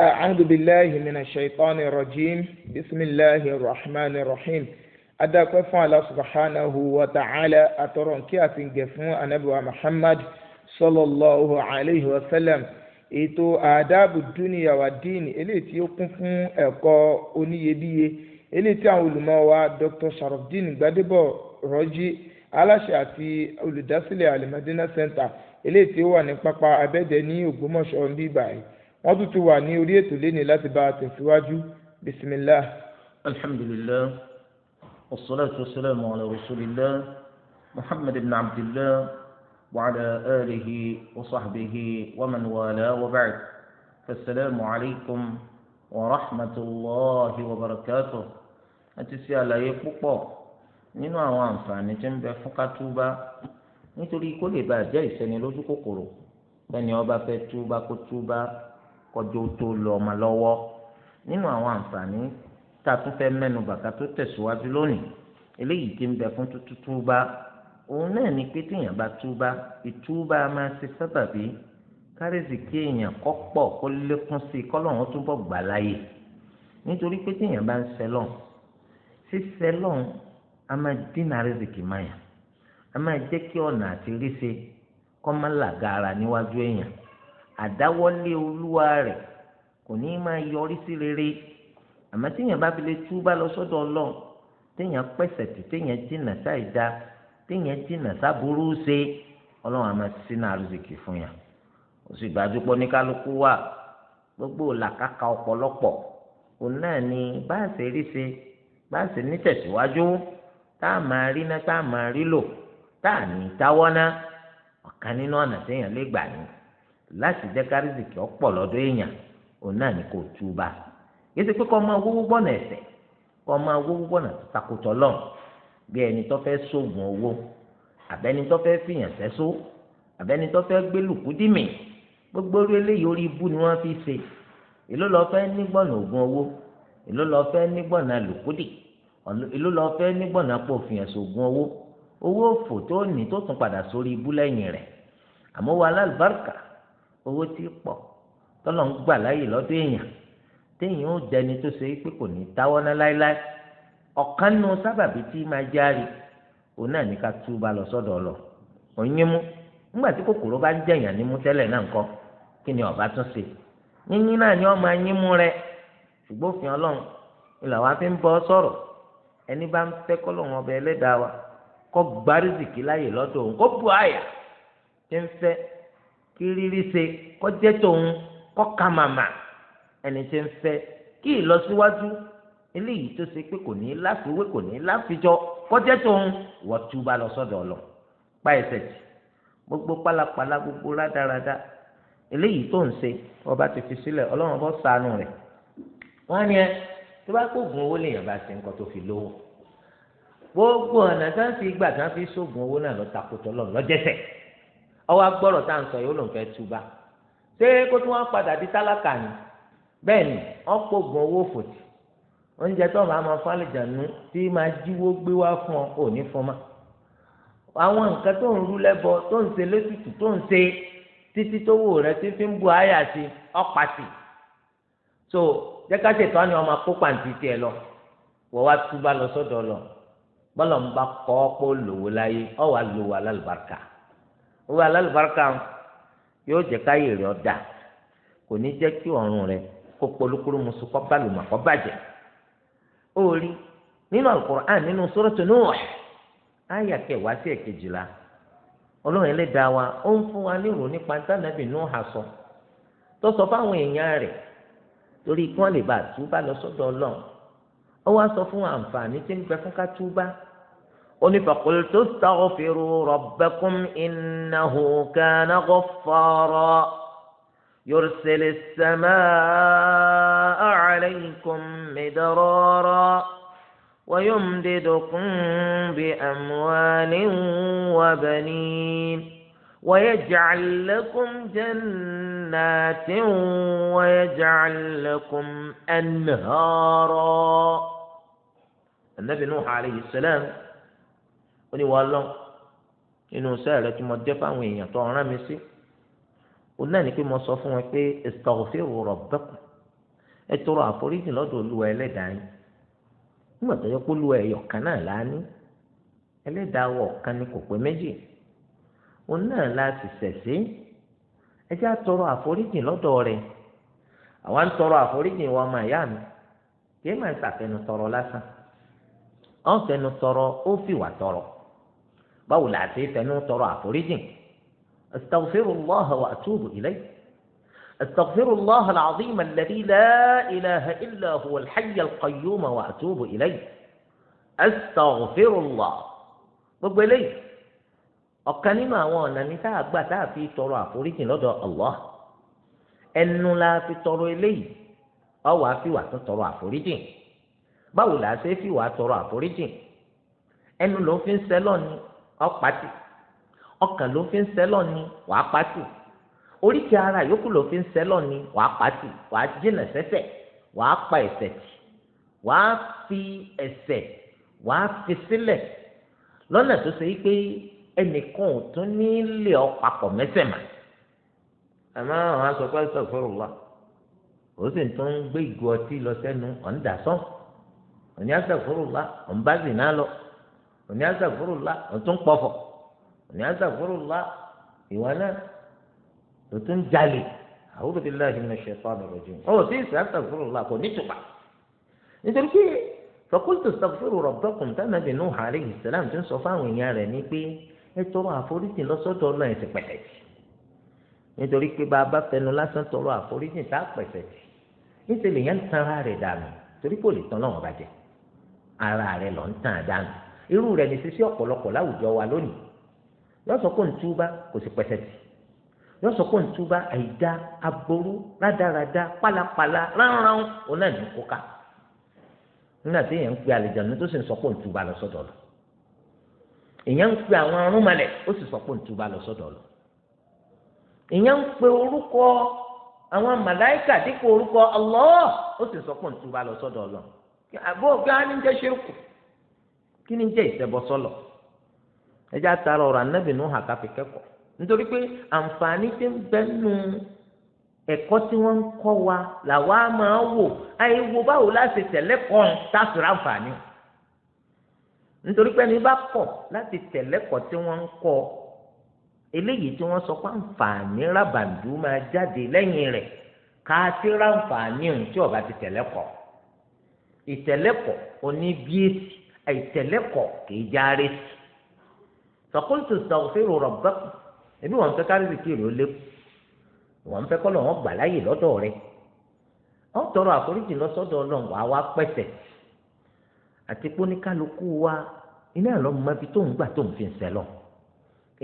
أعوذ بالله من الشيطان الرجيم بسم الله الرحمن الرحيم adáàpẹ́ fún Allah subhanahu wa ta'ala àtọ̀rọ̀ kí a ti gẹ̀ fún anabiwa Muhammad sallallahu alayhi wa sallam ètò àdáàbò dúnìyà wa díìnì eléyìí tí ó kún fún ẹ̀kọ́ oníyebíye eléyìí tí àwọn olùmọ̀ wa Dr. Sharafdin Gbadebo Rọ́jí aláṣẹ àti olùdásílẹ̀ Al-Madina Center eléyìí tí ó wà ní pápá abẹ́dẹ ní Ògbómọ̀ṣọ́ ń bíbáyìí wọ́n tún ti wà ní orí ètò lẹ́ni láti bá a tẹ̀síwájú bisimilah. alhamdulilah wasalaatu wasalaamu ala rasulillah muhammad ibn abdillah wa ala alihi wa sahbihi wa man wala wa ba'd fasalaamu alaykum wa rahmatulahi wa barakatuh a ti ṣe àlàyé púpọ̀ nínú àwọn àǹfààní tí ń bẹ fún kátúbá nítorí kó lè bàa jẹ́ ìsẹ́nilójú kòkòrò bẹ́ẹ̀ ni ọba fẹ́ túbá kó túbá kọjọ́ tó lọ ọmọ lọ́wọ́ nínú àwọn àǹfààní tá a tún fẹ́ mẹ́nu bàkà tó tẹ̀síwájú lónìí eléyìí ti ń bẹ fún túbá òun náà ni pé téèyàn bá túbá ìtúbá máa ṣe sábàbí kárẹ́sì kí èèyàn kọ́ pọ̀ kó lékún sí i kọ́lọ́run túbọ̀ gbà láàyè nítorí pé téèyàn bá ń sẹlọ́n sísẹlọ́n a máa dínà rẹ́sìkì máyà a máa jẹ́ kí ọ̀nà àti ríṣe kọ́ má làgàra níwájú èèyàn àdáwọ́lé olúwa rẹ̀ kò ní máa yọrí sí rere àmọ́ téèyàn bá fi lè túbà lọ sọ́dọ̀ ọlọ́run téèyàn pẹ̀sẹ̀ tì téèyàn jìnnà sáìdá téèyàn jìnnà sáburú ṣe ọlọ́run àmọ́ sínú àrùsìkì fún yàn ó sì gbájú pọ́ ní kálukú wà gbogbo làkàkà ọ̀pọ̀lọpọ̀ òun náà ni bá a ṣe rí ṣe bá a ṣe ní tẹ̀síwájú tá a máa rí ná tá a máa rí lò tá a ní táwọ́ ná ọ̀kan nínú ọ̀nà téèyàn lè gbà ní láti jẹ́ kárísìkì ọ̀pọ̀ lọ́dọ̀ èèyàn òun náà ni kò túba yéésì pé kọ́ máa wówó bọ́nà ẹ̀sẹ̀ kọ́ máa wówó bọ́nà takùtọ̀ lọ́n bí ẹni tó fẹ́ sóògùn owó àbẹ́ni tó fẹ́ fìyàn sẹ́só àbẹ́ni tó fẹ́ gbé lùkúdìmì gbogbo orí eléyìí orí ibú ni wọ́n fi ṣe èló lọ fẹ́ nígbọ̀nà ògùn owó èló lọ fẹ́ nígbọ̀nà lùkúdì èló lọ fẹ́ nígbọ̀nà pọ̀ fìyàn sóògùn owó owó òfò tó ní tó tún padà sórí ibú lẹ́yìn rẹ̀ àmọ́ wa alálùbáríkà owó tí pọ̀ tọ́lọ̀ ń gbà láyè lọ́dọ̀ èèyàn téèyàn ó jẹni tó ṣe pé kò ní táwọ́ ná láéláé ọ̀kan nu sábàbí tí máa járe òun náà ní ká túbà lọ sọ́dọ̀ ọ lọ òyìn mú nígbà tí kòkòrò bá ń jẹ̀yàn nímú tẹ́lẹ̀ náà kí ni ọ̀bá tún ṣe yínyín náà ni wọ́n rẹ ṣùgbọ́n òfin ọlọ́run ni làwọn afi ń bọ́ sọ̀rọ̀ ẹni bá ń fẹ́ kọ́lọ́run ọbẹ̀ ẹlẹ́dàá wa kọ́ gbarí zìkí láyè àyà tí ń kí rírí ṣe kọjẹ́ tòun mama, màmá ẹni tí ń fẹ́ kí ìlọsíwájú eléyìí tó ṣe pé kò ní láfiwé kò ní láfijọ kọjẹ́ tòun wọ́n tú bá lọ sọ́dọ̀ ọlọ pa ẹsẹ̀ tì gbogbo pálapàla gbogbo rádaràda eléyìí tó ń ṣe ọba ti fi sílẹ̀ ọlọ́run bọ́ sànù rẹ̀ wọ́n á ní ẹ tó bá kóògùn owó lèèyàn bá ṣe nǹkan tó fi lówó gbogbo ọ̀nà tó ń fi gbà tó ń fi sóògùn owó náà lọ takòtò lọ ọwọ́ agbọ́rọ̀ tá à ń sọ yìí ó lòun fẹ́ túbà ṣé kó tí wọ́n padà di tálákà ni bẹ́ẹ̀ ni wọ́n kó gun owó fòtì oúnjẹ tó máa máa fálẹ̀jànú tí máa jíwó gbé wá fún ọ ò ní fún ma àwọn nǹkan tó ń rú lẹ́bọ tó ń ṣe létùtù tó ń ṣe títí tó wò rẹ títí ń bu àyà sí ọ̀pàtì so jẹ́káṣe tó á ní ọmọ kó pàǹtí tiẹ̀ lọ wọ́n wá túbà lọ sọ́dọ̀ lọ bọ́lọ̀ ń bá kọ́ ọ́ pé láyé ọ̀ wá lòwó owó alálùbáríkà yóò jẹ́ káyè rẹ̀ ọ̀dà kò ní jẹ́ kí ọ̀run rẹ̀ kó polúkúrú musu kọ́ bálùmọ̀ kọ́ bàjẹ́ ó rí nínú alukur'an nínú suratu Nuh àyà kẹwàá sí ẹ̀kejìlá ọlọ́run ẹlẹ́dàá wa ó ń fún wa nírò nípa dánàbì Nuh sọ tó sọ fáwọn èèyàn rẹ̀ torí kí wọ́n lè bá túbá lọ sọ́dọ̀ ọlọ́run ó wá sọ fún àǹfààní tí ń gbẹ fún ká túbá قل فقلت استغفروا ربكم إنه كان غفارا يرسل السماء عليكم مدرارا ويمددكم بأموال وبنين ويجعل لكم جنات ويجعل لكم أنهارا النبي نوح عليه السلام ó ní wọ́n lọ nínú iṣẹ́ rẹ tí mo jẹ́ fáwọn èèyàn tó rán mi sí ó náà ní pé mo sọ fún wọn pé istaghfiru rabbakum ẹ tọrọ àforíjì lọ́dọ̀ olúwa ẹlẹ́dàá yín nígbà tó yẹ kó lu ẹ̀yọ̀ kan náà láání ẹlẹ́dàá wọ̀ kan ní kò pé méjì òun náà la sì ṣẹ̀ṣẹ̀ ẹ jẹ́ àtọrọ àforíjì lọ́dọ̀ rẹ̀ àwa ń tọrọ àforíjì wa ọmọ ìyá mi kí ẹ máa ń ṣàfẹnu tọrọ lásán ọ̀n fẹnu tọrọ ó fìwà tọrọ báwo là á ṣe fẹnu tọrọ àforíjìn astaghfirullah wa atubu ilayhi astaghfirullah al-azim alladhi la ilaha illa huwa al-hayy al-qayyum wa atubu ilayhi astaghfirullah gbogbo eléyìí ọ̀kan nínú àwọn ọ̀nà ní tá a gbà tá a fi tọrọ àforíjìn lọ́dọ̀ Allah ẹnu la fi tọrọ eléyìí ọwọ́ àfiwà tó tọrọ àforíjìn báwo là ṣe fi wà tọrọ àforíjìn ẹnu ló fi ń sẹ́lọ̀ ni ọpati ọkàn ló fi ń sẹ́lọ̀ ni wàá pátì oríkèé ara yòókù ló fi ń sẹ́lọ̀ ni wàá pátì wàá jìnà sẹ́ṣẹ̀ wàá pa ẹ̀ṣẹ̀ tì wàá fi ẹ̀ṣẹ̀ wàá fi sílẹ̀ lọ́nà tó ṣe pé ẹnìkan ò tún ní lè ọ mà àwọn òní astaghfirullah ọ̀tún pọ̀fọ̀ òní astaghfirullah ìwà náà ọ̀tún jalè a'udhu billahi minash shaitanir rajim ọ̀ tí ìsì astaghfirullah kò ní tùpà nítorí pé faqultu astaghfiru rabbakum tánàbì Nuh alayhi salam tó ń sọ fáwọn èèyàn rẹ̀ ní pé ẹ tọrọ àforíjì lọ́sọ́dọ̀ ọlọ́run ẹ̀sìn pẹ̀tẹ́jì nítorí pé bá a bá fẹnu lásán tọrọ àforíjì tá a pẹ̀sẹ̀ jì níṣẹ́ ń tan ara rẹ̀ dànù torí kò lè tán lọ́wọ́ bàjẹ́ ara rẹ̀ lọ́ ń tàn dànù irú rẹ̀ ní sísí ọ̀pọ̀lọpọ̀ láwùjọ wa lónìí yóò sọ pé ń túbá kò sí pẹ̀sẹ̀ tì yóò sọ pé ń túbá àìdá aburú rádaràda pálapàla ránran òun náà ní kóká nígbà tí èèyàn ń pe àlejànú tó sì ń sọ pé ń túbá lọ sọ́dọ̀ lọ èèyàn ń pe àwọn arúnmalẹ̀ ó sì sọ pé ń lọ sọ́dọ̀ lọ èèyàn ń pe orúkọ àwọn màláìkà dípò orúkọ Allah ó sì sọ pé ń túbá lọ sọ́dọ̀ lọ àbó ọ̀gá ni ń jẹ́ ṣerúkù kí ni jẹ́ ìṣẹbọ sọlọ ẹjẹ àtàrà ọ̀rọ̀ anábì nù hàn káfí kẹ́kọ̀ọ́ nítorí pé àǹfààní tí ń bẹ nù ẹ̀kọ́ tí wọ́n ń kọ́ wa làwa máa wò àyè wo báwo láti tẹ̀lé kan tásùrà àǹfààní nítorí pé ẹni bá kọ̀ láti tẹ̀lé kọ́ tí wọ́n ń kọ́ eléyìí tí wọ́n sọ pé àǹfààní rábàndú máa jáde lẹ́yìn rẹ̀ káàtì ráǹfààní ohun tí ọba ti tẹ̀lé kọ́ ìtẹ̀lé kọ́ oníbíyèsí àìtẹ̀lẹ́kọ̀ kìí járe sí sọkúntù sọfíìrù rọ̀bẹ́kù ẹbí wọn fẹ́ kárí sí kiri ó lékù wọn fẹ́ kọ́ lọ́wọ́ gbà láyè lọ́dọ̀ rẹ ọ tọrọ àforíjì lọ́sọ́dọ̀ ọlọ́run wàá wá pẹ̀sẹ̀ àti póníkálukú wa iná ẹ̀ lọ́mọ ibi tó ń gbà tó ń fi ń sẹ́lọ̀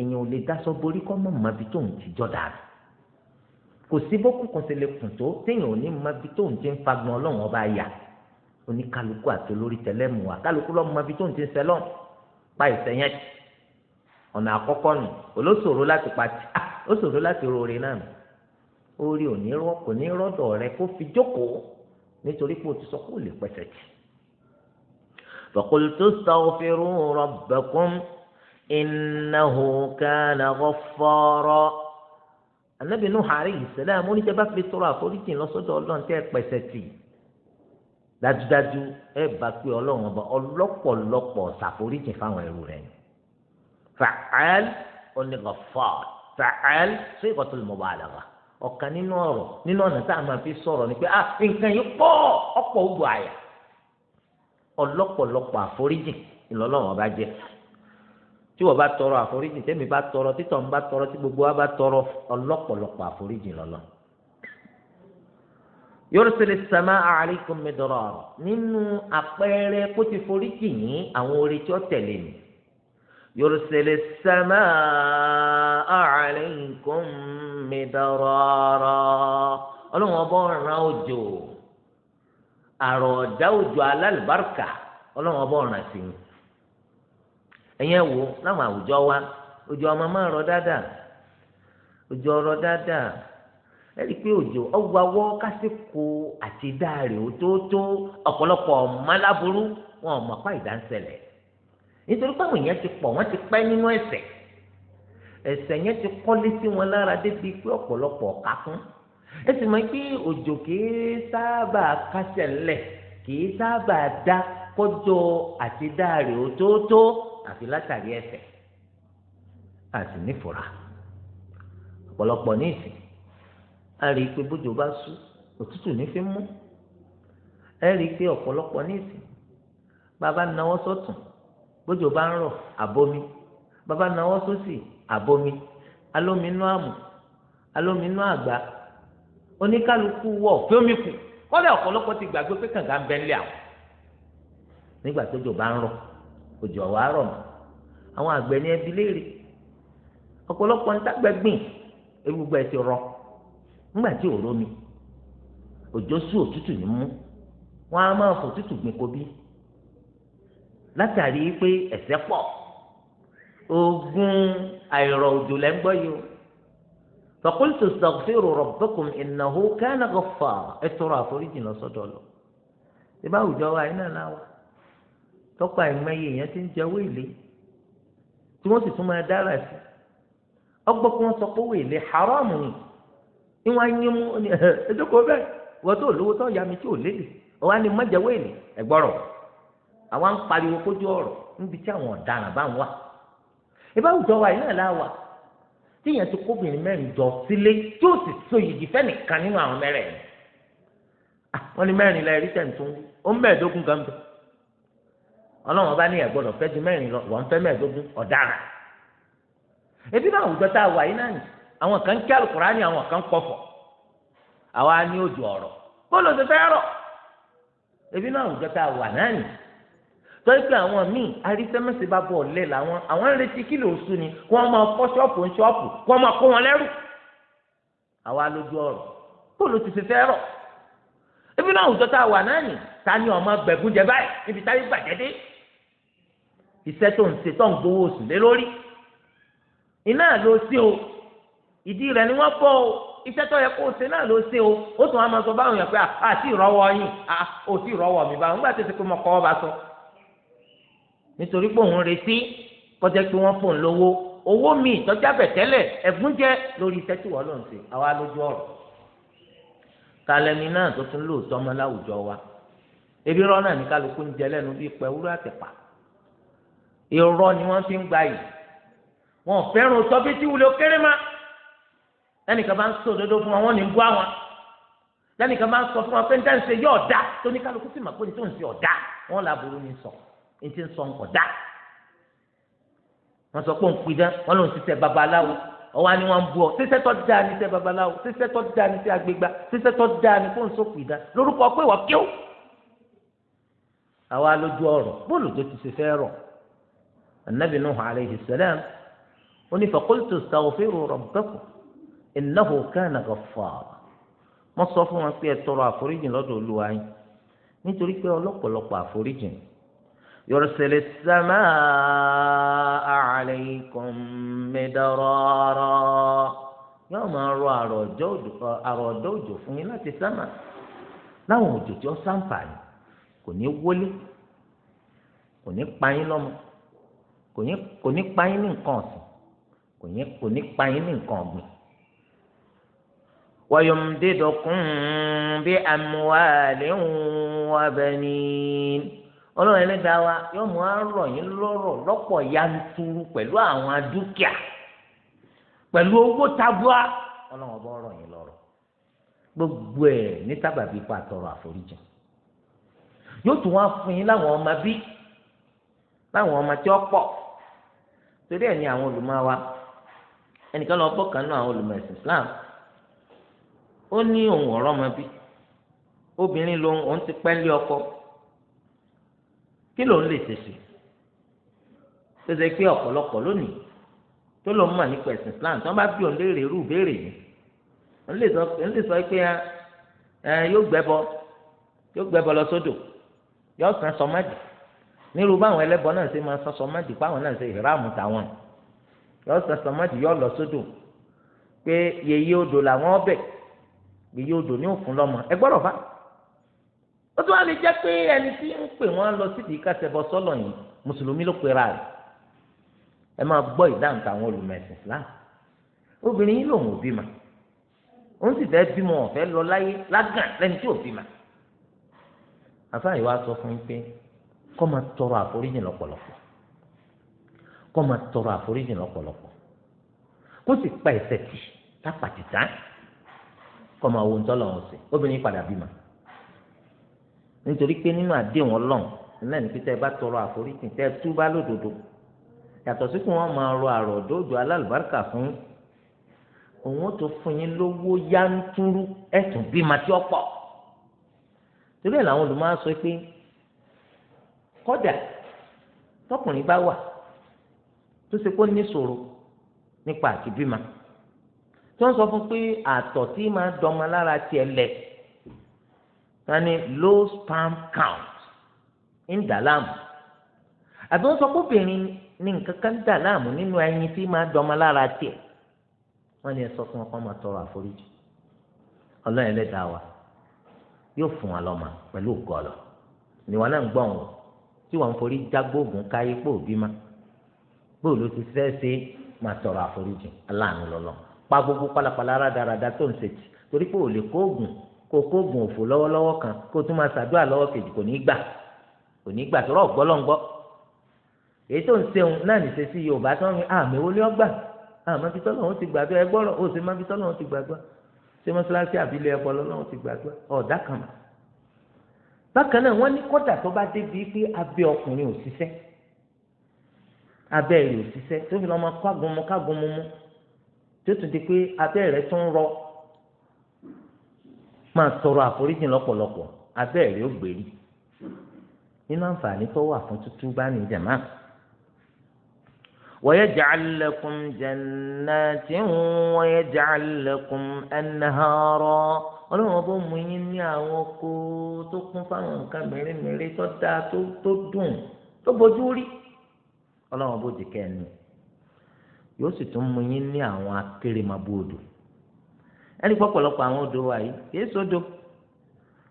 èèyàn ò lè dasọ borí kọ́ mọ̀ mọ́ ibi tó ń ti jọ́ dàrú kò sí bókùnkùn sì lè kùn tó téèyàn ò ní mọ ibi tó ń ti ń fagbọn ọlọ́run ọba yà oníkálukú àti olórí tẹlẹmù wa kálukú lọ́mọ ibi tó ń ti sẹlọ̀ pa ìsẹ̀yẹn ọ̀nà àkọ́kọ́ nù olóṣòro láti pati ah, ó ṣòro láti rore náà nù orí òní rọ kò ní rọ́dọ̀ rẹ kó fi jókòó nítorí pé o ti sọ kó lè pẹ̀sẹ̀ jì. فقلت استغفروا ربكم إنه كان غفارا النبي نوح عليه السلام ó ní tẹ́ bá fi الله àforíjì lọ dájúdájú ẹ bá pé ọlọ́run ọba ọlọ́pọ̀lọpọ̀ ṣàforíjì fáwọn ẹrú rẹ̀ fa'al onígbàfọ́ fa'al ṣé ìkọ́tọ̀ lè mọ bá àlàkà ọ̀kan nínú ọ̀rọ̀ nínú ọ̀nà tá a máa fi sọ̀rọ̀ ni pé ah nǹkan yìí pọ̀ ọ̀pọ̀ ogun àyà ọlọ́pọ̀lọpọ̀ àforíjì ìlọ́lọ́run ọba jẹ́ tí wọ́n bá tọrọ àforíjì tẹ́mi bá tọrọ títọ̀ ń bá tọrọ tí gbogbo wa bá tọrọ ọlọ́pọ̀lọpọ̀ àforíjì yorùsílẹ̀ sàmà àríkùn mẹ́dọ̀rọ̀ nínú àpẹẹrẹ kó ti forí jì yín àwọn orí tí ó tẹ̀lé mi yorùsílẹ̀ sàmà àríkùn mẹ́dọ̀rọ̀ ọlọ́run ọba ọ̀ràn òjò àròọ̀dá òjò alálùbáríkà ọlọ́run ọba ọ̀ràn sí i ẹ̀yẹ́ wo láwọn àwùjọ wa òjò ọmọ máa rọ dáadáa òjò ọrọ dáadáa ẹni pé òjò ọwọ́ kásìkò àti dáàrè òtótó ọ̀pọ̀lọpọ̀ ọ̀mọ́láburú wọn ọ̀mọ̀ pa ìdánsẹ̀lẹ̀ nítorí pé àwọn èèyàn ti pọ̀ wọ́n ti pẹ́ nínú ẹ̀ṣẹ̀ ẹ̀ṣẹ̀ yẹn ti kọ́lé sí wọn lára débi pé ọ̀pọ̀lọpọ̀ kakún ẹ sì mọ̀ pé òjò kìí sábà kásẹ̀ ńlẹ̀ kìí sábà dá kọjọ àti dáàrè òtótó àfi látàrí ẹ̀ṣẹ̀ àti nífura ọ̀pọ̀lọpọ̀ ní ìsìn a rí i pé bójú bá sú òtútù ní fi mú ẹ rí i pé ọ̀pọ̀lọpọ̀ ní ìsìn bàbá nawọ́ sọ́tún bójú bá ń rọ̀ àbomi bàbá nawọ́ sósì àbomi alóminú àmù alóminú àgbà oníkálukú wọ̀ fíomi kù kọ́lé ọ̀pọ̀lọpọ̀ ti gbàgbé pé kànga ń bẹ́ńlẹ̀ àwọn nígbà tó jò bá ń rọ̀ òjò wàá rọ̀ mọ́ àwọn àgbẹ̀ ní ẹbí léèrè ọ̀pọ̀lọpọ̀ ń tágbẹ́ gbìn erùgbẹ́ ti rọ̀ ńgbà tí òró mi òjò sí òtútù ní mú wọn á máa fò tútù gbìn kobí látàrí pé ẹ̀ṣẹ̀ pọ̀ ogun àìrọ̀ òjò lẹ́ ń gbọ́ yìí o fakultu sàkfìrù rabbakum innahu kana ghaffara ẹ àforíjì lọ sọ́dọ̀ lọ ìbá àwùjọ wa iná láwa tọ́pọ̀ àìmọye èèyàn ti ń jẹ́wọ́ èlé tí wọ́n sì tún máa dára sí ọgbọ́n sọ pé owó haramu ni ni wọ́n á yín mú ẹ ẹjọ́ kò bẹ́ẹ̀ wọ́n tó lówó tó yá mi tí ò léde ọ̀wá ni mọ́jẹ̀wé ni ẹ̀gbọ́rọ̀ àwa ń pariwo kójú ọ̀rọ̀ níbi tí àwọn ọ̀daràn bá ń wà ìbáwùjọ wa iná là wà tíyẹn ti kóbìnrin mẹ́rin jọ sílé tí ó sì so yìí fẹ́nìkan nínú àwọn mẹ́rẹ̀ ẹ̀ wọ́n ní mẹ́rin la ẹ̀rí tẹ̀ǹtún ó ń mẹ́ẹ̀ẹ́dógún kan bẹ̀ ọlọ́run bá ní ẹ̀gbọ́dọ̀ fẹ́ ju mẹ́rin lọ wọ́n fẹ́ mẹ́ẹ̀ẹ́dógún ọ̀daràn ebi náà àwùjọ tá a wà yìí náà nìyí àwọn kan kí alukurani àwọn kan kọfọ àwa ni ó ju ọ̀rọ̀ bóòlù ti fẹ́ rọ̀ ebi náà àwùjọ tá a wà náà nì tọ́jú pé àwọn míì arísẹ́mẹsẹ̀ bá bọ̀ lẹ̀ làwọn àwọn ń retí kí lóò sún ni kí wọ́n máa kọ́ ṣọ́ọ̀pù ń ṣọ́ọ̀pù kí wọ́n máa kó wọn lẹ́rù àwa lójú ọ̀rọ̀ bóòlù ti fi fẹ́ rọ̀ ebi náà àwùjọ tá wà náà ta ni ọmọ gbẹ̀gùn jẹ báyìí níbi táyé gbàjẹ́ dé iṣẹ́ tó ń ṣe tó ń gbowó oṣù lé lórí iná ló sí o ìdí rẹ̀ ni wọ́n bọ̀ o iṣẹ́ tó yẹ kó o ṣe náà ló ṣe o ó tún wá máa sọ báwọn yẹn pé àti ìrọ́wọ́ yín ò tí ìrọ́wọ́ mi báwọn nígbà tó ṣe pé mo kọ́ ọ bá sọ. nítorí pé òun retí kọjá pé wọ́n fòun lówó owó mi ìtọ́jà bẹ̀tẹ́lẹ̀ ẹ̀gún jẹ́ lórí iṣẹ́ tí wọ́n lò ń ṣe àwa lójú ọ̀rọ̀. kalẹ́ni náà tó tún lóòótọ́ ọmọ láwùjọ wa ebi rọ́ náà ní kálukú ń jẹ lẹ́nu bíi pẹ̀wúrú àtẹ̀pà irọ́ ni wọ́n fi ń gba yìí wọn fẹ́ràn sọ tí wulẹ̀ kéré máa lẹ́nìkan bá ń sọ òdodo fún wọn wọ́n ní bú àwọn lẹ́nìkan bá ń sọ fún wọn pé níta ń ṣe yóò dá tó ní kálukú sì mà pé níta ń ṣe ọ̀dá wọn là burú ní sọ ní ń sọ nǹkan dá wọn sọ pé òun pidán wọn lòun ti tẹ babaláwo ọwọ́ á ní wọn bú ọ sísẹ́ tó dáa ní tẹ babaláwo sísẹ́ tó dáa ní tẹ agbègbà sísẹ́ tó dáa ní fóun sọ pidán lórúkọ pé wọ́n kíw àwa lójú ọ̀rọ̀ bóòlù tó ti ṣe fẹ́ rọ̀ Ànábì Nuhu alayhi salam ó ní faqultu astaghfiru rabbakum innahu kana ghaffara mo sọ fún wọn pé ẹ tọrọ àforíjì lọ́dọ̀ olúwa yín nítorí pé ọlọ́pọ̀lọpọ̀ àforíjì yorùsẹlẹ sàmà alaykum midarara yóò máa rọ àrọ ọjọ́ òjò fún yín láti sàmà láwọn òjò tí ó sàǹfààní kò ní wọlé kò ní pa yín kò ní pa ní nǹkan ọ̀sìn kò ní pa ní nǹkan ọ̀gbìn. ويمددكم بأموال وبنين ọlọ́run ẹlẹ́dàá wa yóò mú àárọ̀ yín lọ́rọ̀ lọ́pọ̀ yanturu pẹ̀lú àwọn dúkìá pẹ̀lú owó tabua ọlọ́run ọba ọ̀rọ̀ yín lọ́rọ̀ gbogbo ẹ̀ ní sábàbí pa àtọrọ àforíjì yóò tún wá fún yín láwọn ọmọ bí láwọn ọmọ tí ó pọ̀ torí ẹ̀ ní àwọn olùmọ̀ wa ẹnìkan lọ bọ́ kan náà àwọn olùmọ̀ ẹ̀sìn Islam ó ní òun ọ̀rọ̀ ọmọ bí obìnrin lòun òun ti pẹ́ lé ọkọ kí lòun lè ṣèṣe tó ṣe pé ọ̀pọ̀lọpọ̀ lónìí tó lòun mọ̀ nípa ẹ̀sìn Islam tí wọ́n bá bí òun léèrè irú ìbéèrè yìí òun lè sọ pé yóò gbẹ́bọ yóò gbẹ́bọ lọ sódò yóò san sọmádì nírú báwọn ẹlẹ́bọ náà ṣe máa san sọmádì báwọn náà ṣe ìráàmù táwọn yóò san sọmádì yóò lọ sódò pé yèyé odò làwọn ọbẹ̀ gbèyẹ odò ní òfun lọ́mọ ẹ gbọ́dọ̀ fa ó tún wá lè jẹ́ pé ẹni tí ń pè wọ́n lọ sídìí kásẹ̀ bọ sọ́lọ̀ yìí mùsùlùmí ló pera rẹ̀ ẹ máa gbọ́ ìdáhùn táwọn olùmẹ̀sìn Islam obìnrin yìí lòun ò bímọ òun sì fẹ́ bímọ ọ̀fẹ́ lọ láyé lágàn lẹ́ni tí ò bímọ àfáàyè wa sọ fún yín pé kọ́ máa tọrọ àforíjì lọ́pọ̀lọpọ̀ kọ́ máa tọrọ àforíjì lọ́pọ̀lọpọ̀ kó sì pa ẹ̀ṣẹ̀ tì lápàtì tán kọ́ máa wo ntọ́ lọ́wọ́ sí obìnrin padà bímọ nítorí pé nínú àdéhùn ọlọ́run náà ní pété bá tọrọ àforíjì tẹ túbá lódodo yàtọ̀ sí kí wọ́n máa rọ àròdó òjò alálùbáríkà fún òun ó tó fún yín lówó yántúrú ẹ̀sùn bímọ tí ó pọ̀ torí ẹ̀ làwọn olùmọ̀ sọ pé kọ́dà tọkùnrin bá wà tó ṣe kó ní ṣòro nípa àti bímọ tí wọ́n sọ fún pé àtọ̀ tí máa dọ́mọ lára tiẹ̀ lẹ̀ tani low sperm count ń dà láàmú àbí wọ́n sọ pé obìnrin ní nǹkan kan dà láàmú nínú ẹyin tí máa dọ́mọ lára tiẹ̀ wọ́n ní ẹ sọ fún wọn kó máa tọrọ àforíjì ọlọ́run ẹlẹ́dàá wa yóò fún wa lọ́mọ pẹ̀lú gọ́ọ̀lọ̀ níwọ̀n náà ń gbọ̀n o tí wọ́n ń forí jágbóògùn káyé pò bímọ bóòlù ti fẹ́ ṣe máa tọrọ àforíjì aláàánú lọ́lọ́run pa gbogbo pálapàla rádaràda tó ń ṣètì torí pé ò lè kóògùn kó kóògùn òfò lọ́wọ́lọ́wọ́ kan kó tún máa ṣàdúrà lọ́wọ́ kejì kò ní gbà kò ní gbà tó rọ̀ gbọ́lọ́ngbọ́ èyí tó ń ṣeun náà nìṣe sí Yorùbá tó ń rin àmì wọlé ọgbà àmọ́ bí tọ́lọ́hún ti gbàgbọ́ ẹ gbọ́rọ̀ ó sì má bí tọ́lọ́hún ti gbàgbọ́ ṣé mọ́ṣáláṣí àbílẹ̀ ẹ̀kọ́ lọ́lọ́hún tó tún di pé abẹ́ rẹ tún rọ máa sọ̀rọ̀ àforíjì lọ́pọ̀lọpọ̀ abẹ́ rẹ ó gbèrí nínú àǹfààní tó wà fún tútú bá ní jàmá. ويجعل لكم جنات ويجعل لكم أنهارا ọlọ́run bó mú yín ní àwọn oko tó kún fáwọn nǹkan mèremère tó dáa tó dùn tó bójú rí ọlọ́run bó jì kẹ́ ẹ̀ nù. yóò sì tún mú yín ní àwọn akérèmọbù odò ẹni pọ̀pọ̀lọpọ̀ àwọn odò wa yìí kìí sódò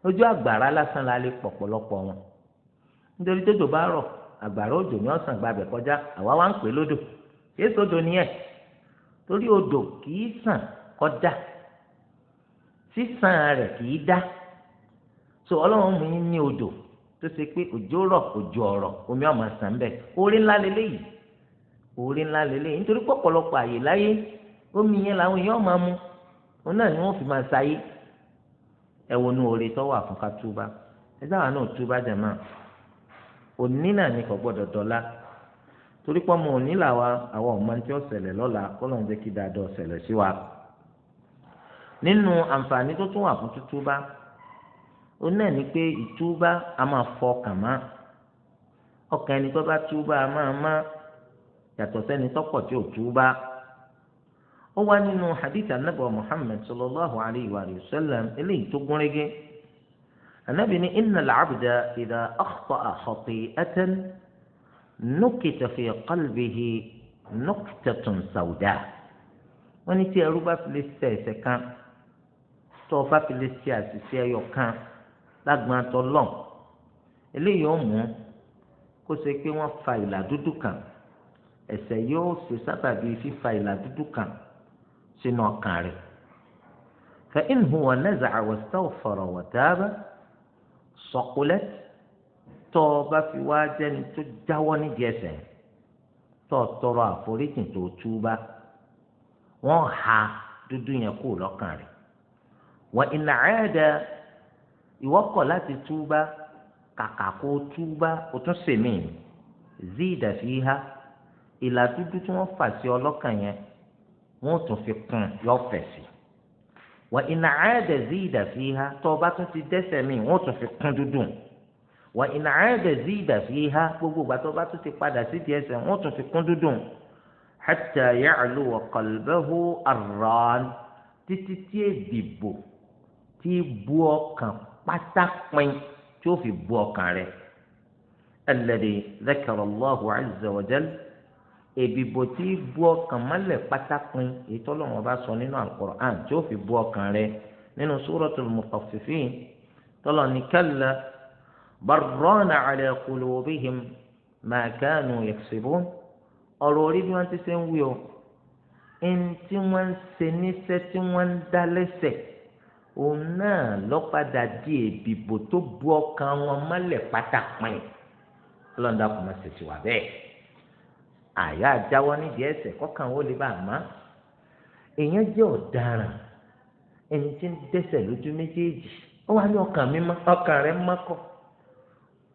ojú àgbàrá lásán la lè pọ̀pọ̀lọpọ̀ wọn nítorí tójò bá rọ̀ àgbàrá òjò ní ọ̀sán gbàbẹ̀ kọjá àwa wá ń pè lódò kìí sódò nìyẹn torí odò kìí sàn kọjá rẹ̀ kìí dá so ọlọ́run mú yín ní odò tó ṣe pé òjò rọ̀ òjò ọ̀rọ̀ omi ọ̀mọ̀ sàn bẹ́ẹ̀ orí ńlá lélẹ́yìí orí ńlá lélẹ̀ nítorí pọ̀pọ̀lọpọ̀ àyè láyé omi yẹn làwọn èèyàn máa mu òun náà ni wọ́n fi máa sáyé ẹ wo nu tọ́wọ́ àfọ̀ká túbá ẹ sáwà náà túbá jàmá òní náà ni kò gbọ́dọ̀ dọ́lá torí pọ́ òní làwa àwọn ọ̀mọ tí ó ṣẹlẹ̀ lọ́la kó jẹ́ kí dáadọ́ ṣẹlẹ̀ sí wa nínú àǹfààní tó tún wà fún túbá òun náà ni pé ìtúbá a máa fọ kàmá ọkàn ẹni tó bá túbá a máa máa yàtọ̀ sẹ́ni tọ́pọ̀ tí ò túbá ó wá nínú hadith anabi muhammed sallallahu alayhi wa sallam eléyìí tó gún régé anabi ní innal abda idha akhta'a khati'atan nukita fi qalbihi nukitatun sawda wọ́n ní tí ẹrú bá fi lè ṣe ẹ̀ṣẹ̀ kan tó o bá fi lè àṣìṣe ẹyọ kan lágbọn atọ eléyìí ó mú kó ṣe pé wọ́n fa ìlà dúdú kan ẹ̀ṣẹ̀ yóò ṣe sábàbí fífa ìlà dúdú kan sínú ọkàn rẹ̀ fa in huwa naza'a wastaghfara wa taba saqulat tó o bá fi wá jẹ́ni tó jáwọ́ nídìí ẹ̀ṣẹ̀ tó o tọrọ àforíjì tó o túbá wọ́n ha dúdú yẹn kú lọ́kàn rẹ̀ wa in 'ada ìwọ́kọ̀ láti túbá kàkà kó túbá o tún sèmí zida fiha ìlà dúdú tí wọ́n fà sí ọlọ́kàn yẹn wọ́n tún fi kún yọ fẹ̀ sí wà ìnà àádẹ sí ìdà sí ha tó o bá tún ti dẹ́ṣẹ̀ mi wọ́n tún fi kún dúdú wà ìnà àádẹ sí ha gbogbo ìgbà tó o bá tún ti padà sí di ẹ̀ṣẹ̀ wọ́n tún fi kún dúdú hatta ya'lu wa qalbahu arran títí tí èdìbò tí bu ọkàn pátápin tí ó fi bu ọkàn rẹ̀ alladhi dhakara Allahu azza wa jalla èbìbò tí bu ọkàn mọ́lẹ̀ pátápin èyí tọ́lọ́wọ́n bá sọ nínú Al-Qur'an tí ó fi bu ọkàn rẹ nínú Suratul Mutaffifin tọ́lọ́ ní kalla barrana ala qulubihim ma kanu yaksibun ọ̀rọ̀ orí bí wọ́n ti ṣe ń wí o ẹni tí wọ́n ń ṣe níṣẹ́ tí wọ́n ń dá lẹ́sẹ̀ òun náà lọ́padà di èbìbò tó bu ọkàn wọn mọ́lẹ̀ pátápin ọlọ́run dàkú má ṣe ti wà bẹ́ẹ̀ àyà àjáwọ́ nídìí ẹ̀ṣẹ̀ kọ́kàn ó lè bá a má èèyàn jẹ́ ọ̀daràn ẹni tí ń dẹ́ṣẹ̀ lójú méjèèjì ó wá ní ọkàn mi mọ́ ọkàn rẹ̀ mọ́ kọ́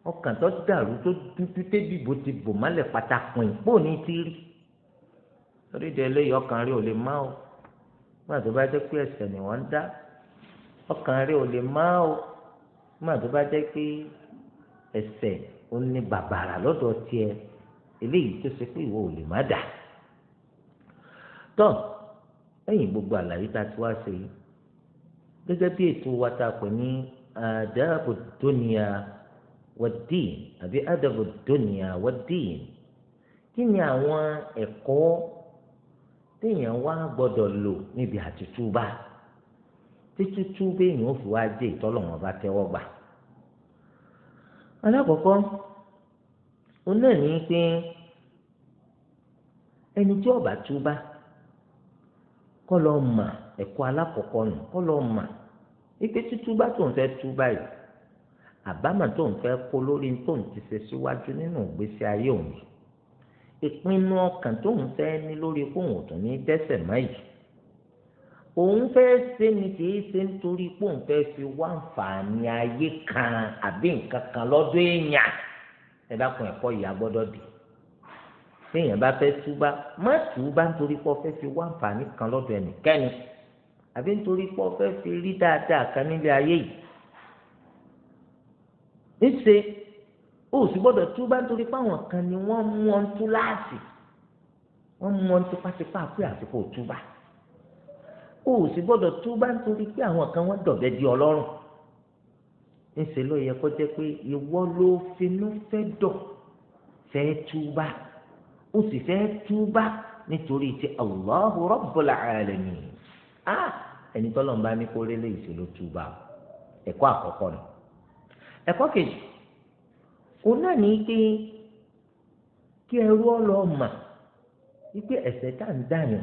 ọkàn tó dàrú tó dúdú tébìbò ti bò mọ́lẹ̀ pátákùn ìpò ní ti rí torí de eléyìí ọkàn rẹ̀ ò lè má o nígbà tó bá jẹ́ pé ẹ̀ṣẹ̀ ni wọ́n ń dá ọkàn rẹ̀ ò lè má o nígbà tó bá jẹ́ pé ẹ̀ṣẹ̀ ó ní bàbàrà lọ́dọ̀ tiẹ̀ eléyìí tó ṣe pé ìwọ ò lè má dà tọ́ lẹ́yìn gbogbo àlàyé tá a ti wá ṣe yìí gẹ́gẹ́ bí ètò wa tá a pè ní àdàbò dóníyà wad-din àbí àdàbò dóníyà wad kí ni àwọn ẹ̀kọ́ téèyàn wá gbọ́dọ̀ lò níbi àtútúbà títútú béèyàn ó fi wá jẹ́ ìtọ́lọ́wọ́n bá tẹ́wọ́ gbà alákọ̀ọ́kọ́ òun náà ní pé ẹni tí ọba túbá kọ́ lọ mà ẹ̀kọ́ alákọ̀ọ́kọ́ nù kọ́ lọ mà ipe títúbá tó ń fẹ́ túbá yìí àbámà tó ń fẹ́ kó lórí tó ń ti ṣe síwájú nínú ìgbésí ayé òun yìí ìpinnu ọkàn tó ń fẹ́ ní lórí fóun ò ní dẹ́ṣẹ̀ mọ́ òun fẹ́ ṣe ni kì í ṣe nítorí pé fẹ́ fi wá àǹfààní ayé kan àbí nǹkan kan lọ́dọ̀ èèyàn ẹ dákun ẹ̀kọ́ ìyá gbọ́dọ̀ dì téèyàn bá fẹ́ túbá má túbá nítorí pé ọfẹ́ fi wá àǹfààní kan lọ́dọ̀ ẹnìkẹ́ni àbí nítorí pé ọfẹ́ fi rí dáadáa kan nílé ayé yìí níṣe ó sì gbọ́dọ̀ túbá nítorí pé àwọn kan ni wọ́n mú ọ́n tú láàsì wọ́n mú ọ́n tipátipá pé àsìkò túbá ó sì gbọ́dọ̀ túbá nítorí pé àwọn kan wọ́n dọ̀bẹ di ọlọ́run ńṣe ló yẹ kó jẹ́ pé ìwọ ló finú fẹ́ dọ̀ fẹ́ túbà ó sì fẹ́ túbà nítorí ti Allahu Rabbul Alamin á ẹni tọ́lọ̀ ń bá ní kó rélé ìṣèlú túbà ẹ̀kọ́ àkọ́kọ́ ni ẹ̀kọ́ kejì òun náà ní pé kí ẹrú ọlọ́ọ̀ mà wípé ẹ̀ṣẹ̀ tá ń dànù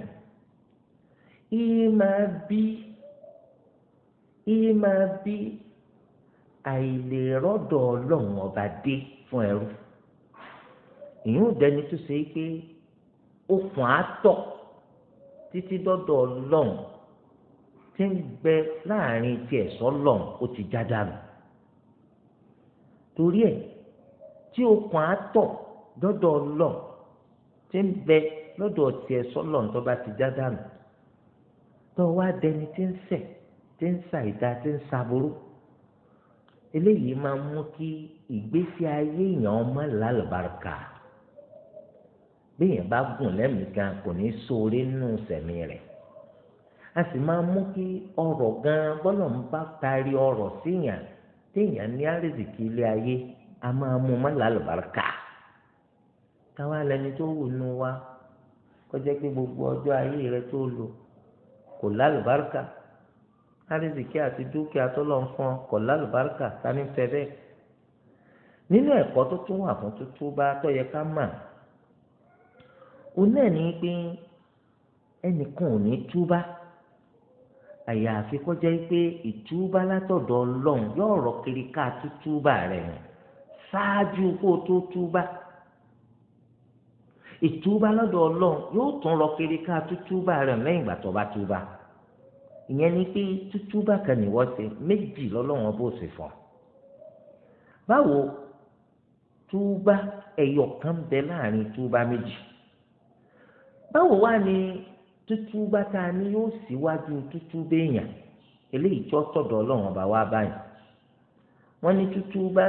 ìyí máa bí ìyí máa bí àìlè rọ́dọ̀ ọlọ́run ọba dé fún ẹrú ìyún dẹni tó ṣe pé okùn àtọ̀ títí dọ́dọ̀ ọlọ́run ti ń bẹ láàrin tiẹ̀ sọ́lọ́run ó ti já dànù torí ẹ̀ tí okùn àtọ̀ dọ́dọ̀ ọlọ́run ti ń bẹ lọ́dọ̀ tiẹ̀ sọ́lọ́run tó bá ti já dànù tó wá dẹni tí ń ṣẹ̀ tí ń ṣàìdá tí ń ṣàbúrú eléyìí máa mú kí ìgbésí ayé èèyàn ọmọ lálùbáríkà béèyàn bá gùn lẹ́mìí gan kò ní sóore nínú sẹ̀mí rẹ̀ a sì máa mú kí ọrọ̀ gan bọ́lọ̀ ń bá taari ọrọ̀ síyàn téèyàn ní àrèsìkí ilé ayé a máa mú ọmọ lálùbáríkà káwá lẹni tó wù nù wa kọjá pé gbogbo ọjọ́ ayé rẹ tó lò kò lálùbáríkà àrísìkí àti dúkìá tó lọ ń fún ọ kò lálùbáríkà tani fẹ́ bẹ́ẹ̀ nínú ẹ̀kọ́ tó tún wà fún tuntun bá tó yẹ ká mà òun náà ní pé ẹnìkan ò ní túbá àyàfi kó jẹ́ pé ìtúbá látọ̀dọ̀ ọlọ́run yóò rọ kiri ká tútúbà rẹ̀ ṣáájú kó tó túbá ìtúbá lọ́dọ̀ ọlọ́run yóò tún rọ kiri ká tútúbà rẹ̀ lẹ́yìn ìgbà tó bá túbá ìyẹn ni pé tútú bákan ni wọ́n ṣe méjì lọ́lọ́wọ́n bó ṣe fọ́ báwo túbá ẹyọ kan bẹ láàrin túbá méjì báwo wá ni tútúbá tá a ní yóò síwájú tútúbéèyàn eléyìí tí ó tọ̀dọ̀ ọlọ́run ọba wa báyìí wọ́n ní tútúbá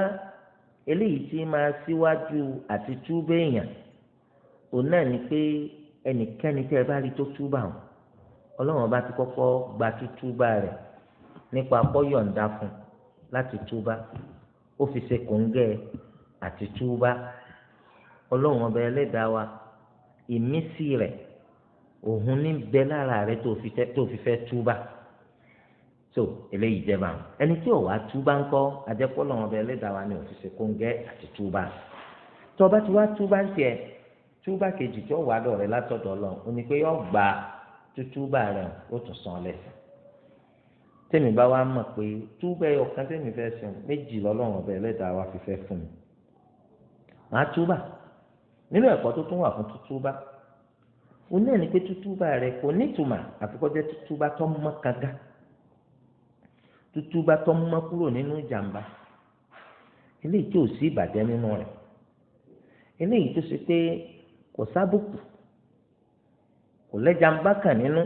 eléyìí tí máa síwájú àti túbéèyàn òun náà ni pé ẹnikẹ́ni tẹ́ ẹ bá rí tó túbà wọn ọlọ́run bá ti kọ́kọ́ gba tútúbà rẹ̀ nípa kọ́yọ̀ǹda fún láti túbà ó fi ṣe kòńgẹ́ àti túbà ọlọ́run ọba ẹlẹ́dàá wa ìmísí rẹ̀ òun ní bẹ lára rẹ̀ tó fi fẹ́ túbà so eléyìí jẹba ẹni tí ò túbà ńkọ́ àjẹpọ̀ lọ́wọ́ ọba ẹlẹ́dàá wa ni ó fi ṣe kòńgẹ́ àti túbà tọba tí wá túbà ń tiẹ̀ túbà kejì tí ó wà dọ̀rẹ́ látọ̀dọ̀ ọlọ́run ó ní pé yọ gbà á túbà rẹ̀ ó tún san lẹ́sìn tẹ̀mí bá wá mọ̀ pé túbà ẹyọ kan tẹ̀mí fẹ́ sìn méjì lọ́lọ́run ọbẹ̀ ẹlẹ́dàá wa fi fẹ́ fún mi màá túbà nínú ẹ̀kọ́ tó tún wà fún túbà o náà ní pé túbà rẹ̀ kò nítumà àfikọ́jẹ́ túbà tó mọ́ kanga túbà tó mọ́ kúrò nínú ìjàmbá eléyìí tí ò sí ìbàjẹ́ nínú rẹ̀ eléyìí tó ṣe pé kò sábùkù kò lẹ́jà ń bá kàn nínú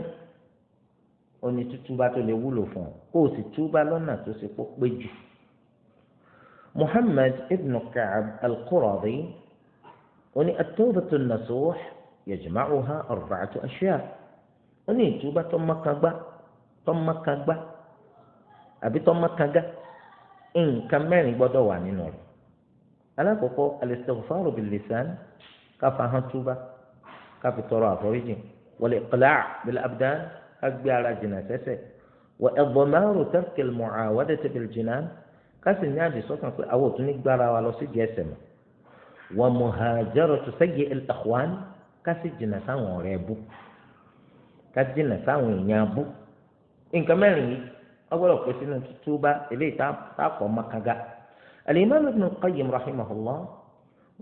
oní tútúbá tó lè wúlò fún ọ kó o sì túbá lọ́nà tó ṣe pọ́ pé jù. Muhammad ibn Ka'ab al-Quradi oní at-tawbatu an-nasuh yajma'uha arba'atu ashya' oní ìtúbá tó mọ́kàngbá tó mọ́kàngbá àbí tó mọ́kàngbá nǹkan mẹ́rin gbọ́dọ̀ wà nínú rẹ̀ alákọ̀ọ́kọ́ al-istighfaru bil-lisan káfa hàn túbá káfi tọrọ àforíjì. والإقلاع بالأبدان أكبر على جناسته وإضمار ترك المعاودة بالجنان كاسن ناجي صوتا أو تنقبر على سيد يسمى ومهاجرة سيء الإخوان كاسن جناسان وريبو kájínà sáwọn èèyàn abú nǹkan mẹ́rin yìí ọgbọ́dọ̀ pé sínú tútú bá eléyìí tá a pọ̀ makaga Al-Imam Ibn Qayyim rahimahullah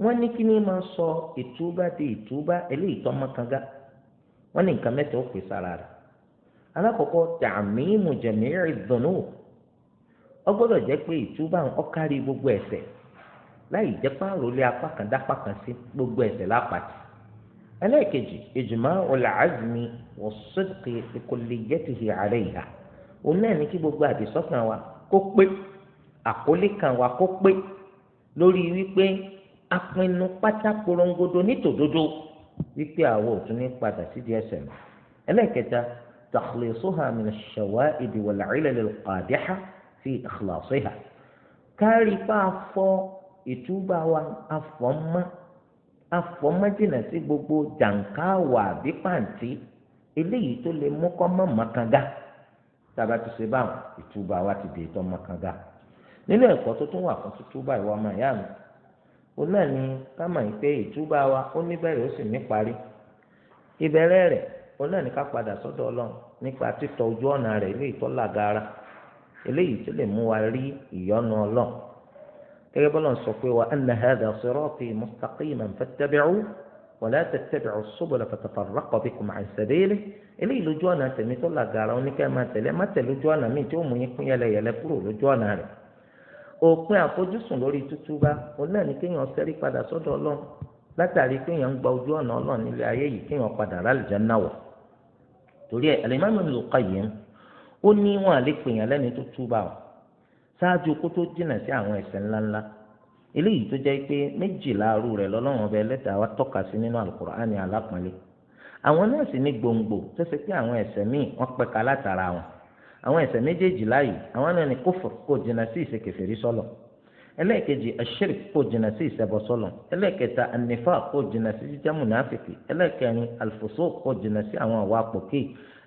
wọ́n ní kí ni máa sọ ìtúbá di ìtúbá eléyìí tó makaga wọ́n ní nǹkan mẹ́ta ó pè sára rẹ̀ alákọ̀ọ́kọ́ ta'mimu jami'i dhunub ó gbọ́dọ̀ jẹ́ pé ìtúbà ń ọ́kárí gbogbo ẹsẹ láì jẹ́ pààrọ̀ lé apá kan dápá kan sí gbogbo ẹsẹ lápàtì ẹlẹ́ẹ̀kejì ijma'ul azmi was-sidqi li kulliyatihi 'alayha òun náà ní kí gbogbo wa kó pé àkólé kan wa kó pé lórí wípé apinnu pátá porongodo nítòdodo wípé àwọn ò tún ní padà sídìí ẹ̀ṣẹ̀ mọ́ ẹlẹ́kẹta takhlisuha min ash-shawa'ib wal-'ilal al-qadhiha fi ikhlasiha kárí pa afọ ìtúbà wa afọmọ afọmọ jìnnà sí gbogbo jàǹkáwà bí pàǹtí eléyìí tó lè mú kọ́ mọ́ mọ́kàngá tába tó ṣe báwọn ìtúbà wa ti dè tọ́ mọ́kàngá nínú ẹ̀kọ́ tó tún wà fún tútúbà ìwà ọmọ ìyá mi òun náà ni ká mọ̀ yín pé ìtúbà wa ó níbẹ̀rẹ̀ ó sì níparí ìbẹ̀rẹ̀ rẹ̀ òun náà ni ká padà sọ́dọ̀ ọlọ́run nípa títọ ojú ọ̀nà rẹ̀ ilé ìtọ́lágara eléyìí tó lè mú wa rí ìyọ́nú ọlọ́run gẹ́gẹ́ bọ́lá ń sọ pé wa anna hadha sirati mustaqiman fattabi'u wa la tattabi'u subula fatafarraqa bikum an òpin àfojúsùn lórí tútúbá òun náà ní kéèyàn ṣẹ́rí padà sọ́dọ̀ ọlọ́run látàrí kéèyàn ń gba ojú ọ̀nà ọlọ́run nílé ayé yìí kéèyàn padà rálìjánnà wọ̀ torí ẹ̀ Al-Imam Ibn Qayyim ó ní wọn àlè pèèyàn lẹ́ni tó túbà ọ̀ ṣáájú kó tó jìnà sí àwọn ẹ̀ṣẹ̀ ńláńlá eléyìí tó jẹ́ pé méjìlá arú rẹ̀ lọ́lọ́run ọba ẹlẹ́dàá wa tọ́ka sí nínú al alápọ̀nlé àwọn náà sì ní gbòǹgbò tó ṣe pé àwọn ẹ̀ṣẹ̀ míì wọ́n pẹ̀ka látara wọn àwọn ẹ̀ṣẹ̀ méjèèjì láàyè àwọn náà ni kófò kò jìnnà sí ìṣekèfèrí sọlọ ẹlẹ́ẹ̀kejì àṣírí kò jìnnà sí ìṣẹbọ sọlọ ẹlẹ́ẹ̀kẹta ànífà kò jìnnà sí jíjẹ́ mùnàfíkì ẹlẹ́ẹ̀kẹrin àlùfòsó kò jìnnà sí àwọn àwa pòkè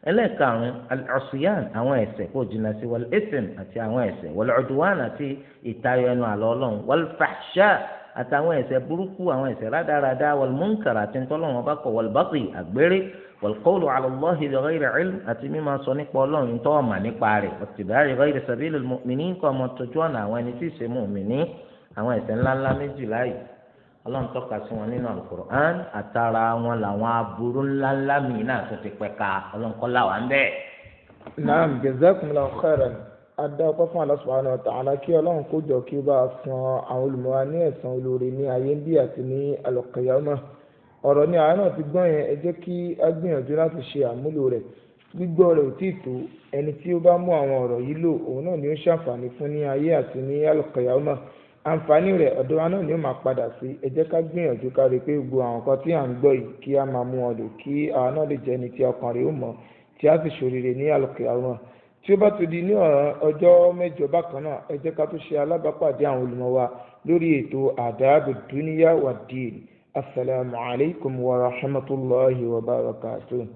ẹlẹ́ẹ̀karùn ọ̀ṣùyàn àwọn ẹ̀ṣẹ̀ kò jìnnà sí wọlé ẹsẹ̀m àti àwọn ẹ̀ṣẹ̀ wọlé ọdúnwàn àti ìtayọ ẹnu àlọ́ ọlọ́run wọlé fàṣà àtàwọn ẹ̀ṣẹ̀ burúkú àwọn ẹ̀ṣẹ̀ rádaràda wọlé múnkàrà àti ntọ́lọ́wọ́n bá wọlé bákì àgbèrè wàlùkọ́ọ̀lù alọ́láhi ìrọ̀rẹ́ ìlm àti mímọ sọ nípa ọlọ́run tó ọ̀mà nípa rẹ̀ ọ̀tìbáyà ìrọ̀rẹ́ sàbílì mùmíní kọ́ ọmọ tójú ọ̀nà àwọn ẹni tí ì ṣe mùmíní àwọn ẹ̀ṣẹ̀ ńláńlá méjìlá yìí ọlọ́run tọ́ka sí wọn nínú alukur'an àtàrà wọn làwọn aburú ńláńlá míì náà tó ti pẹ̀ka ọlọ́run kọ́ là wà ń bẹ̀. naam jazakumullahu khairan adá ọpẹ́ fún Allah subhanahu wa ta'ala kí ọlọ́run kó jọ kí ó bá san àwọn olùmọ̀ọ́ ní ẹ̀san olóore ní ayé ń bí àti ní al-qiyamah ọ̀rọ̀ ni àánà ti gbọ́n yẹn ẹ jẹ́ kí á gbìyànjú láti ṣe àmúlò rẹ̀ gbígbọ́ rẹ̀ ò tíì tó ẹni tí ó bá mú àwọn ọ̀rọ̀ yìí lò òun náà ni ó ṣàǹfààní fún ní ayé àti ní alùkọ̀yàmọ̀ àǹfààní rẹ̀ ọ̀dọ̀ wa náà ni ó máa padà sí ẹ jẹ́ ká gbìyànjú ká rí i pé gbogbo àwọn kan tí à ń gbọ́ yìí kí á máa mú wọn lò kí àwa náà lè jẹ́ ẹni tí ọkàn rẹ̀ ó mọ̀ tí a sì ṣòrire ní alùkọ̀yàmọ̀ tí ó bá ti di ní ọjọ́ mẹ́jọ bákan náà ẹ jẹ́ ká tó ṣe alábàápàdé àwọn olùmọ̀ wa lórí ètò àdáàbò dúníyà wà díẹ̀ السلام عليكم ورحمة الله وبركاته